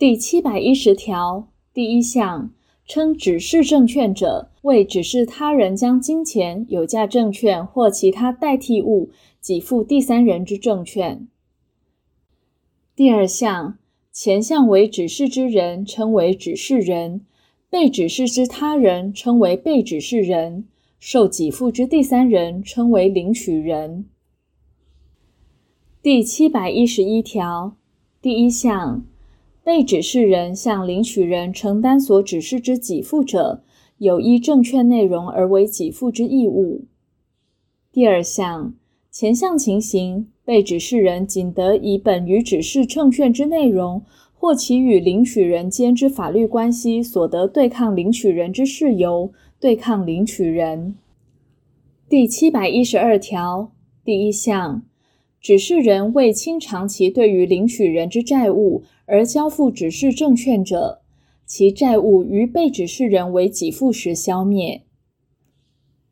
第七百一十條第一項稱指示證券者，為指示他人將金錢、有價證券或其他代替物給付第三人之證券。第二項，前項為指示之人稱為指示人，被指示之他人稱為被指示人，受給付之第三人稱為領取人。第七百一十一條第一項。被指示人向領取人承擔所指示之給付者，有依證券內容而為給付之義務。第二項，前項情形，被指示人僅得以本於指示證券之內容或其與領取人間之法律關係所得對抗領取人之事由對抗領取人。第七百一十二條第一項。指示人為清償其對於領取人之債務而交付指示證券者，其債務於被指示人為給付時消滅。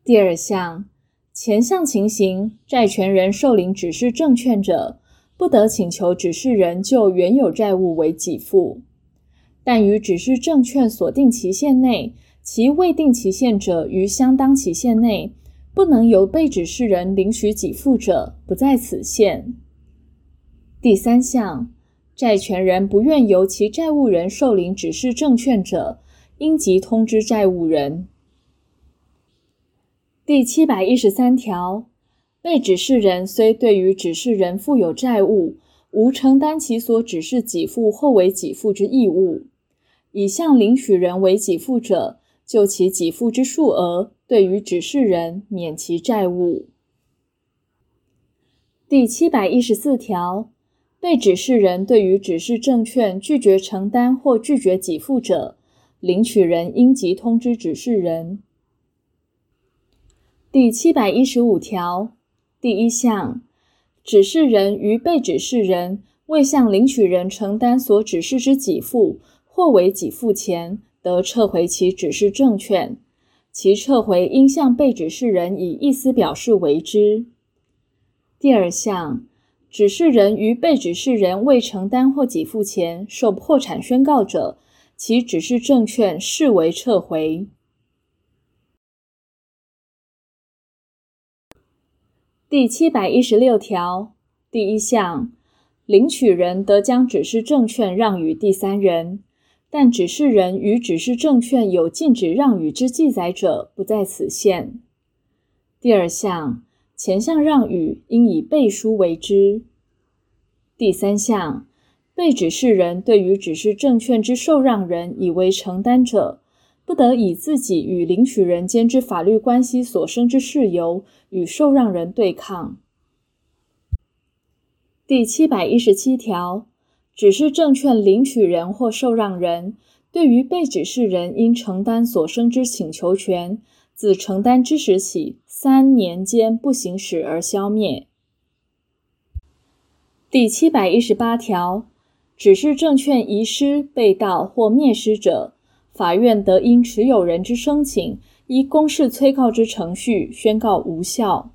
第二項，前項情形，債權人受領指示證券者，不得請求指示人就原有債務為給付，但於指示證券所定期限內，其未定期限者於相當期限內。不能由被指示人領取給付者，不在此限。第三項，債權人不願由其債務人受領指示證券者，應即通知債務人。第七百一十三條，被指示人雖對於指示人負有債務，無承擔其所指示給付或為給付之義務，已向領取人為給付者。就其給付之數額，對於指示人免其債務。第七百一十四條，被指示人對於指示證券拒絕承擔或拒絕給付者，領取人應即通知指示人。第七百一十五條第一項，指示人於被指示人未向領取人承擔所指示之給付，或為給付前。得撤回其指示證券，其撤回應向被指示人以意思表示為之。第二項，指示人於被指示人未承擔或給付前受破產宣告者，其指示證券視為撤回。第七百一十六條第一項，領取人得將指示證券讓與第三人。但指示人與指示證券有禁止讓與之記載者，不在此限。第二項，前項讓與應以背書為之。第三項，被指示人對於指示證券之受讓人已為承擔者，不得以自己與領取人間之法律關係所生之事由與受讓人對抗。第七百一十七條。指示證券領取人或受讓人，對於被指示人因承擔所生之請求權，自承擔之時起三年間不行使而消滅。第七百一十八條，指示證券遺失、被盜或滅失者，法院得因持有人之申請，依公示催告之程序宣告無效。